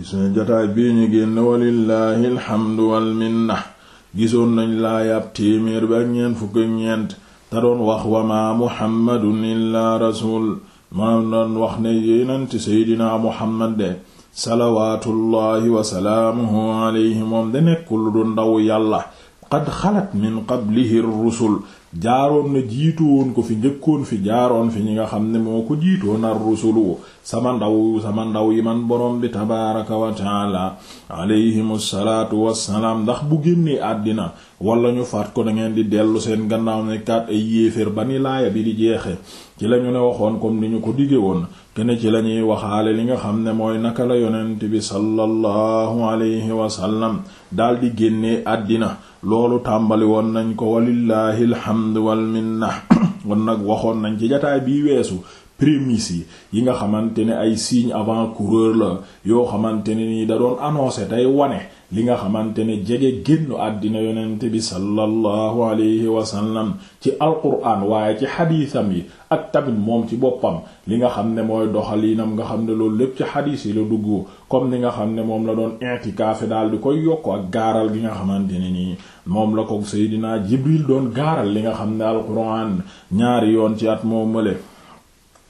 ci suñu jotaay bii ñu génn walillaahi alxamdu wal minna gisoon nañ laayaab téeméer bi ak ñeent fukk ak ñeent te doon wax wa maa muhammadun illaa rasuul maa doon wax ne yéenanti seydinaa muhammad de salawaatullaahi wa salaamuhu alayhi moom de nekkul du ndaw yàlla qad xalat min qablihi rusul jaaroon na jiitu woon ko fi njëkkoon fi jaaroon fi ñi nga xam ne moo ko jiitoon ar rusulu sama ndaw sama ndaw yi man borom bi tabaaraka wa taala alayhimu salaatu wassalaam ndax bu génnee àddina wala ñu faat ko da ngeen di dellu seen gannaaw ne kaat ay yéeféer ba ni laaya bi di jeexe ci lañu ne waxoon comme ni ñu ko dige woon ci ne ci lañuy waxaale li nga xam ne mooy naka la yonent bi sallallahu alayhi wasallam di génne àddina loolu tàmbali woon nañ ko walillahi alhamdu wal minna wan nag waxoon nañ ci jataay bii weesu prémices yi yi nga xamante ne ay signes avant-coureurs la yoo xamante ne nii da doon annoncer day wane li nga xamante ne jege génnu àddina yonent bi sallallahu alayhi wa sallam ci alquran waaye ci xadiisam yi ak tabit moom ci boppam li nga xam ne mooy doxalinam nga xam ne loolu lépp ci xadiis yi la dugg comme ni nga xam ne moom la doon intikaafe daal di koy yokk ak gaaral gi nga xamante ne nii moom la ko Seydina Jibril doon gaaral li nga xam ne alquran ñaari yoon ci at moo mële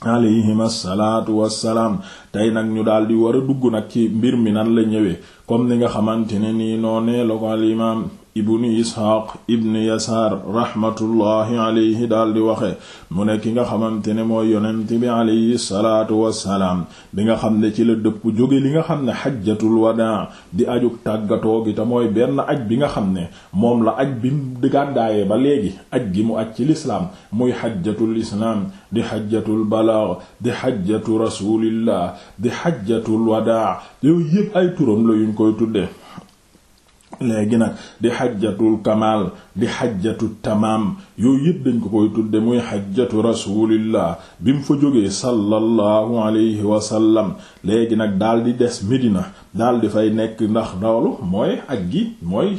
alayhim assalaatu wassalaam tey nag ñu daal di war a dugg nag ci mbir mi nan la ñëwee comme ni nga xamante ne nii noonee la ko al ibnu isxaaq ibnu yasaar raxmatullaahi alayhi daldi waxe mu ne ki nga xamante ne mooy yonent bi alayhi salaatu wassalaam bi nga xam ne ci la dëpp jóge li nga xam ne xajjatul wadaa di ajug tàggatoo gi te mooy benn aj bi nga xam ne moom la aj bi di gàddaayee ba léegi aj gi mu aj ci lislaam muy xajjatul islaam di xajjatul balaag di xajjatu rasuulillah di xajjatul wadaa yooyu yépp ay turam la yuñ koy tuddee léegi nag di xajjatul kamal di xajjatu tamaam yooyu yëpp dañ ko koy tudde muy xajjatu rasulillah bi mu fa jógee sallallahu alayhi wa sallam léegi nag daal di des Medina daal di fay nekk ndax loolu mooy ak gi mooy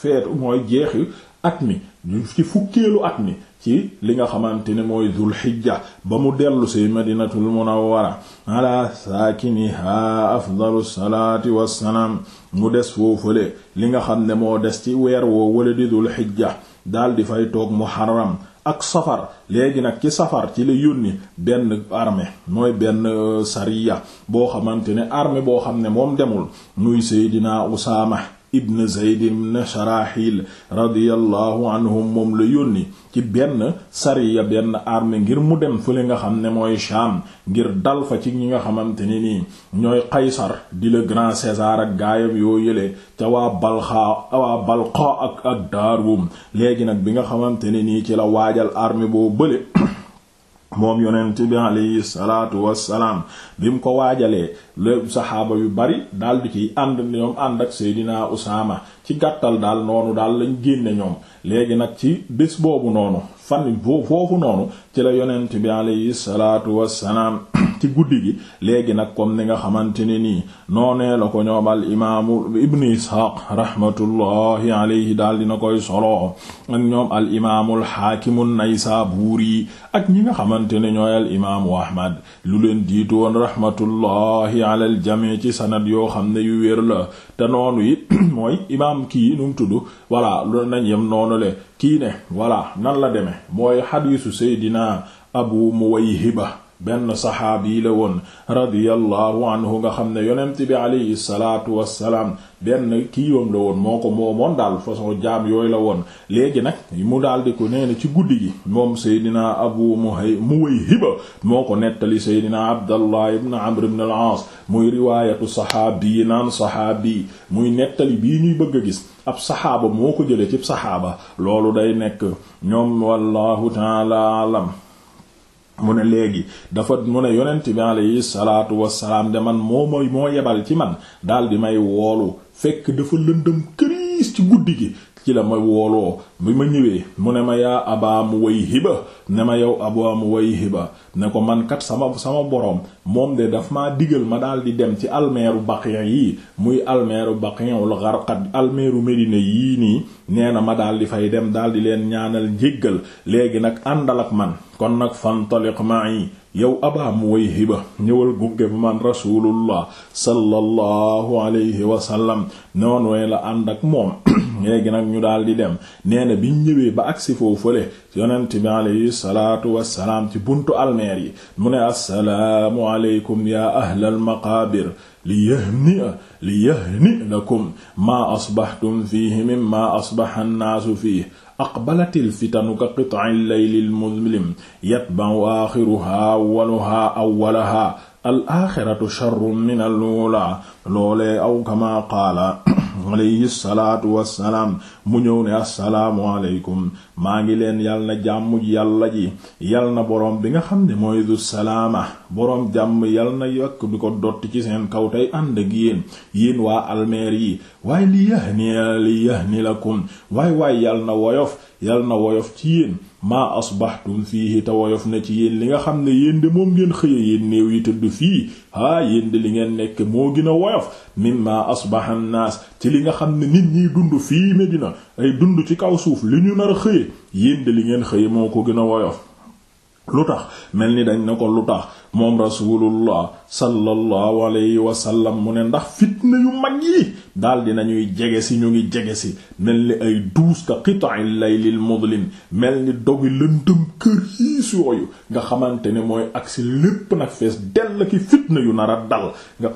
feetu mooy jeexi at mi ñu ci fukkeelu at mi ci li nga xamante ne mooy dul xijja ba mu dellu si madinatul munawwara ala saakiniha afdalu salaati wassalaam mu des foofale li nga xam ne moo des ci weer woo wala di dul xijja daal di fay toog muharram ak safar léegi nag ci safar ci la yónni benn armée mooy benn euh, sariya boo xamante ne arme boo xam ne moom demul muy seydinaa usaama ibn Zayd ibn Sharaxil radiyallahu anhum moom la yónni ci benn sariya benn armée ngir mu dem fële nga xam ne mooy Sham ngir dal fa ci ñi nga xamante ni nii ñooy Qaysar di le grand César ak gaayam yoo yële ca waa Balqa ak ak Daarum léegi nag bi nga xamante ne nii ci la waajal armée boo bële moom yonent bi alayhi salaatu wassalaam bi mu ko waajalee le saxaaba yu bari daal di ciy ànd ñoom ànd ak Seydina Usaama ci gàttal daal noonu daal lañ génne ñoom léegi nag ci bés boobu noonu fan foofu noonu ci la yonent bi alayhi salaatu wassalaam ci guddi gi léegi nag comme ni nga xamante ne nii noonee la ko ñoom al imaamu ibnu isxaaq rahmatullahi alayhi daal dina koy solo ak ñoom al imaamul xaakimu naysaabuuri ak ñi nga xamante ne ñooy al imaamu ahmad lu leen diitu woon rahmatullahi ala al ci sanad yoo xam ne yu wér la te noonu yi mooy imaam kii nu tudd voilà lu nañ yem noonu le kii ne voilà nan la demee mooy xadiisu seydina abu muwayhiba benn saxaabi la woon radiyallahu anhu nga xam ne yonent bi alayhi salaatu wassalaam benn kiiwam la woon moo ko moomoon daal façon jaam yooyu la woon léegi nag mu daldi ko nee ci guddi gi moom seydina abu muhay muwayhiba moo ko nettali seydina abdallah ibn amr ibn al-aas muy riwaayatu saxaabi naan saxaabi muy nettali bii ñuy bëgg a gis ab saxaaba moo ko jële ci saxaaba loolu day nekk ñoom wallahu taala alam mu ne léegi dafa mu ne yonent bi alayhi salaatu wassalaam de man moo mooy moo yebal ci man daal di may woolu fekk dafa lëndëm këriis ci guddi gi ci la ma wooloo bi ma ñëwee mu ne ma yaa Abaa Muwayhiba ne ma yow Abaa Muwayhiba ne ko man kat sama sama boroom moom de daf ma digal ma daal di dem ci almeeru Baqiya yi muy almeeru Baqiya wala Gharqad almeeru Medina yii nii nee na ma daal di fay dem daal di leen ñaanal njéggal léegi nag àndal ak man kon nag fantaliq ma'i yow abaa muwayhiba ñëwal gunge man rasulullah sallallahu alayhi wa noonu way la ànd ak moom léegi nag ñu daal di dem nee na biñ ba agsi foofale yonent bi alayhi salaatu wassalaam ci buntu almeer yi mu ne assalaamu aleykum ya ahlal maqaabir li yahnia lakum maa asbaxtum fiihi mimma asbaxa annaasu fiihi aqbalatil fitanu ka qit'il laylil muzlim yatba'u axiruha awwaluha awwalaha al axiratu sharrun min al ula loolee aw kama qaala alayhi salaatu wassalaam mu ñëw ne assalaamu aleykum maa ngi leen yal na jàmm yàlla ji yal na boroom bi nga xam ne mooy du salaama boroom jàmm yal na yokk di ko dotti ci seen kaw tey ànd ak yéen yéen waa almeer yi waaye li yahni li yahni lakum waay waay yal na woyof yal na woyof ci yéen maa asbahtum fiihi te woyof na ci yéen li nga xam ne yéen de moom ngeen xëye yéen néew yi tëdd fii haa yéen de li ngeen nekk moo gën woyof mimma asbaha ci li nga xam ne nit ñiy dund fii Medina adduna ay dund ci kaw suuf li ñu nar a xëye yéen de li ngeen xëye moo ko gën a woyof lu tax mel ni dañ ne ko lu tax moom rasulullah sallallahu alayhi wa sallam mu ne ndax fitna yu mag yi daal dina jege si ñu ngi jege si mel ni ay duus ka lay laylil mudlim mel ni dogi lëndëm kër yooyu nga xamante ne mooy agsi lépp nag fees dell ki fitna yu nar a dal nga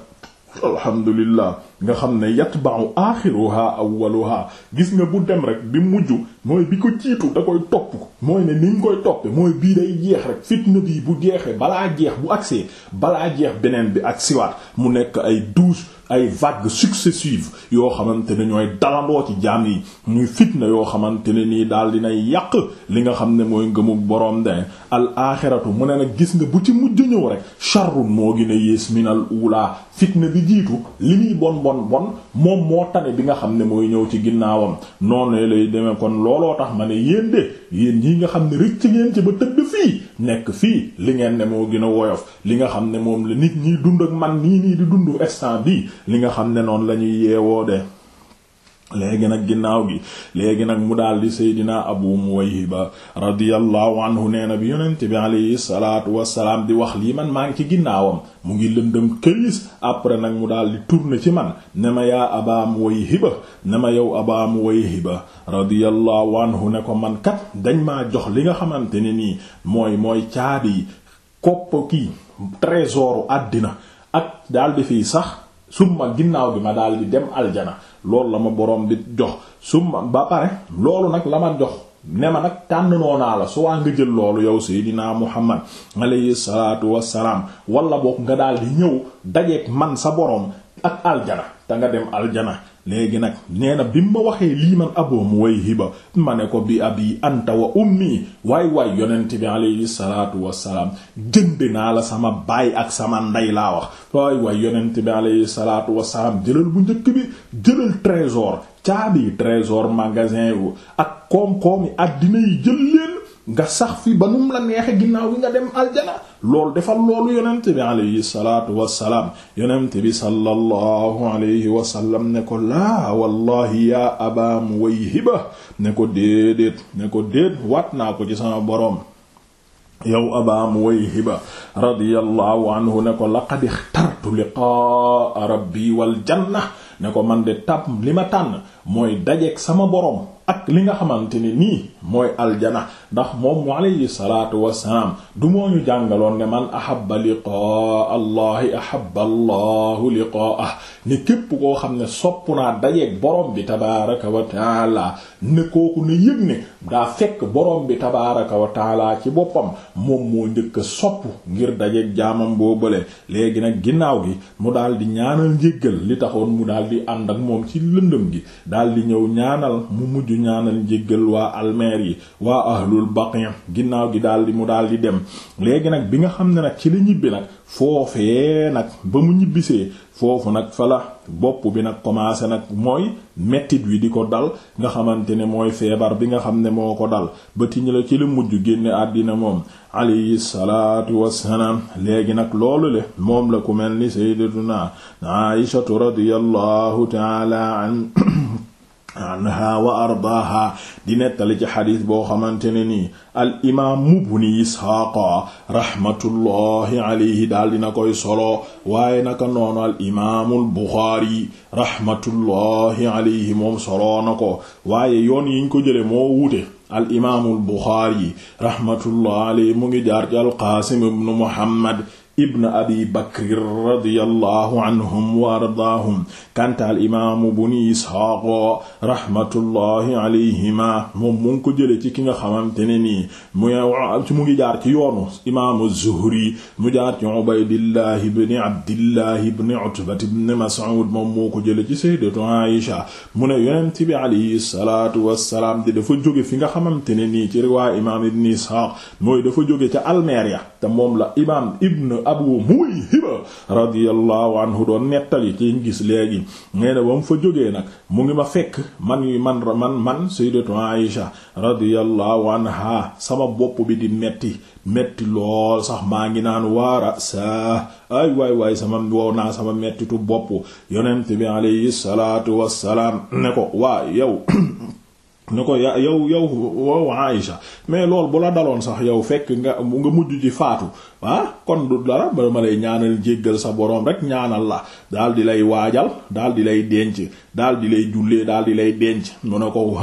alhamdulillah nga xam ne ba aw axiruha awwaluha gis nga bu dem rek bi mujj mooy bi ko jiitu da koy topp mooy ne ni ñu koy toppe mooy bii day jeex rek fitna bi bu jeexee balaa jeex bu agsee balaa jeex beneen bi ak siwaat mu nekk ay douche ay vagues successives yoo xamante ne ñooy dalandoo ci jaam yi ñuy fitna yoo xamante ne nii daal dinay yàq li nga xam ne mooy ngëmu borom de al axiratu mu ne nag gis nga bu ci mujj ñëw rek sharrun moo gën a yées minal ula fitna bi jiitu bon bon moom moo tane bi nga xam ne mooy ñëw ci ginnaawam noonu lay demee kon looloo tax ma ne yéen de yéen yi nga xam ne rëcc ngeen ci ba tëdd fii nekk fii li ngeen ne moo gën a woyof li nga xam ne moom la nit ñi dund ak man nii nii di dund instant bi li nga xam ne noonu la ñuy yeewoo de léegi nag ginnaaw gi léegi nag mu daal di seydina abu muwayhiba radiyallahu anhu nee na bi yonent bi alayhi salaatu wassalaam di wax lii man maa ngi ci ginnaawam mu ngi lëndëm këris après nag mu daal di tourner ci man ne ma yaa aba muwayhiba ne ma yow anhu ne ko man kat dañ maa jox li nga xamante ne nii mooy mooy caabi kopp kii trésoru àddina ak daldi fii fiy sax summa ginnaaw bi ma daal dem aljana loolu la ma borom bi jox su suma ba pare loolu nag la ma jox ne ma nag tànn noonaa la su waa nga jël loolu yow seydinaa muhammad alayhi salaatu wassalaam wala boog nga daal di ñëw dajeek man sa boroom ak aljana te nga dem aljana léegi nag nee na bi ma waxee lii man Abu Muwayhiba ma ne ko bi abi anta wa ummi waay waay yonent bi alayhi salaatu wassalaam jënd naa la sama baay ak sama ndey laa wax waay waay yonent bi alayhi salaatu wassalaam jëlal bu njëkk bi jëlal trésor caabi trésor magasin wu ak koom-koomi àddina yi jël leen nga sax fi ba num la neexe ginnaaw bi nga dem aljana loolu defal loolu yonent bi alayhi salaatu wassalaam yonent bi sallallahu alayhi wasallam ne ko laa wallahi yaa aba muwayhiba ne ko déedéet ne ko déet waat naa ko ci sama boroom yow aba muwayhiba radiyallahu anhu ne ko laqad ixtartu liqaa rabbi wal janna ne ko man de tab li ma tànn mooy dajeek sama borom ak li nga xamante ni nii mooy aljana ndax moom mu alayhi salaatu wassalaam du moo ñu jàngaloon ne man ahabba liqaa allahi ahabba allahu liqaa'ah ne képp koo xam ne sopp naa dajeek boroom bi tabaaraka wa ne kooku ne yëg ne daa fekk boroom bi tabaaraka wa ci boppam moom moo njëkk a sopp ngir dajeek jaamam boo bële léegi nag ginnaaw gi mu daal di ñaanal njéggal li taxoon mu daal di ànd ak moom ci lëndëm gi daldi ñëw ñaanal mu mujj ñaanal njéggal waa almeer yi waa ahlul baqi ginnaaw gi daldi mu daldi dem léegi nag bi nga xam ne nag ci la ñibbi nag foofee nag ba mu ñibbisee foofu nag fala bopp bi nag commencé nag mooy mettit wi di ko dal nga xamante ne mooy feebar bi nga xam ne moo ko dal ba tiñ la ci la mujj génne àddina moom alayhi salaatu wassalaam léegi nag loolu le moom la ku mel ni sayyidatuna Aysatu radiyallahu ta'ala an anha wa ardaaha di nettali ci xadis boo xamante ne nii al imaam mubni isxaaqa rahmatullahi alayhi daal dina koy solo waaye naka noonu al imaamul rahmatullahi alayhi moom solo na ko waaye yoon yiñ ko jële moo wuute al imaamul buxaari rahmatullahi alayhi mu ngi jaar ci ibnu muhammad ibn abi bakr radiyallahu anhum wa ardaahum kanta al imaamu buni ishaaqo rahmatullahi alayhima moom mu ngi ko jële ci ki nga xamante ne nii mu ngi jaar ci yoonu imaamu zuhri mu jaar ci ubaydillah ibn abdillah ibn utbat ibn mas'ud moom moo ko jële ci sayyidatu aisha mu ne yonent bi alayhi salaatu wassalaam di dafa jóge fi nga xamante ne nii ci riwaaya imaam ibn ishaaq mooy dafa jóge ca almeria te moom la imaam ibn Abu Muyhiba radiyallahu anhu doon nettali ci gis léegi nee na ba mu fa jógee nag mu ngi ma fekk man man man man sayyidatu Aisha radiyallahu anha sama bopp bi di metti metti lool sax maa ngi naan waara sa ay waay waay sama wow naa sama mettitu bopp yonent bi alayhi salaatu wassalaam ne ko waa yow ni ko ya yow yow wow Aïcha mais loolu bu la daloon sax yow fekk nga nga mujj ci faatu ah kon du dara ba ma lay ñaanal jéggal sa boroom rek ñaanal la daal di lay waajal daal di lay denc daal di lay jullee daal di lay denc mu ne ko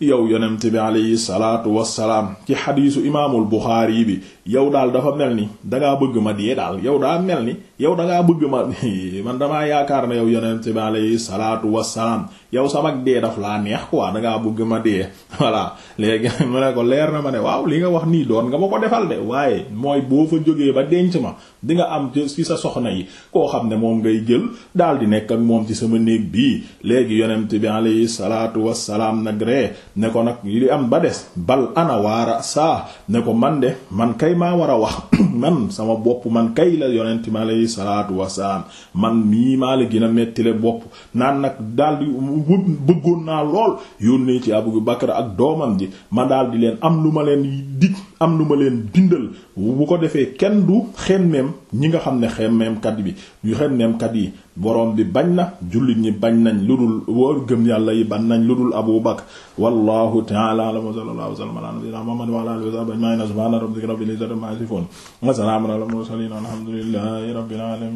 yow yonent bi alayhi salaatu wassalaam ci xadiisu imaamul Buxaari bi yow daal dafa mel ni dangaa bëgg ma dee daal yow daal mel ni yow dangaa bëgg ma man damaa yaakaar ne yow yonent bi alayhi salaatu wassalaam yow sama dee daf laa neex quoi dangaa bëgg ma dee voilà léegi mu ne ko leer na ma ne waaw li nga wax nii doon nga ba ko defal de waaye mooy boo fa jógee ba denc ma di nga am ci sa soxna yi koo xam ne moom ngay jël jël daal di nekk ak moom ci sama néeg bii léegi yonent bi alayhi salaatu wassalaam nag ree ne ko nag li am ba des bal ana waara saa ne ko man de man kay maa war a wax man sama bopp man kay la yonent bi alayhi salaatu wassalaam man mii maa la gën a mettile bopp naan nag daal di bëggoon naa lool yónnee ci Abu Bakar ak doomam ji ma daal di leen am lu ma leen dig am lu ma leen bindal bu ko defee kenn du xemmeem ñi nga xam ne xemmeemkat bi yu xemmeemkat yi borom bi bañ na jullit ñi bañ nañ lu dul wóor gëm yàlla yi bañ nañ lu dul Abu Bakr wallahu ta'ala a'lam wa sallallahu wa sallam ala nabiyyina Muhammad wa ala alihi wa sahbihi ajma'in subhana rabbika rabbil izzati amma yasifun wa salamun ala al mursalin walhamdulillahi rabbil alamin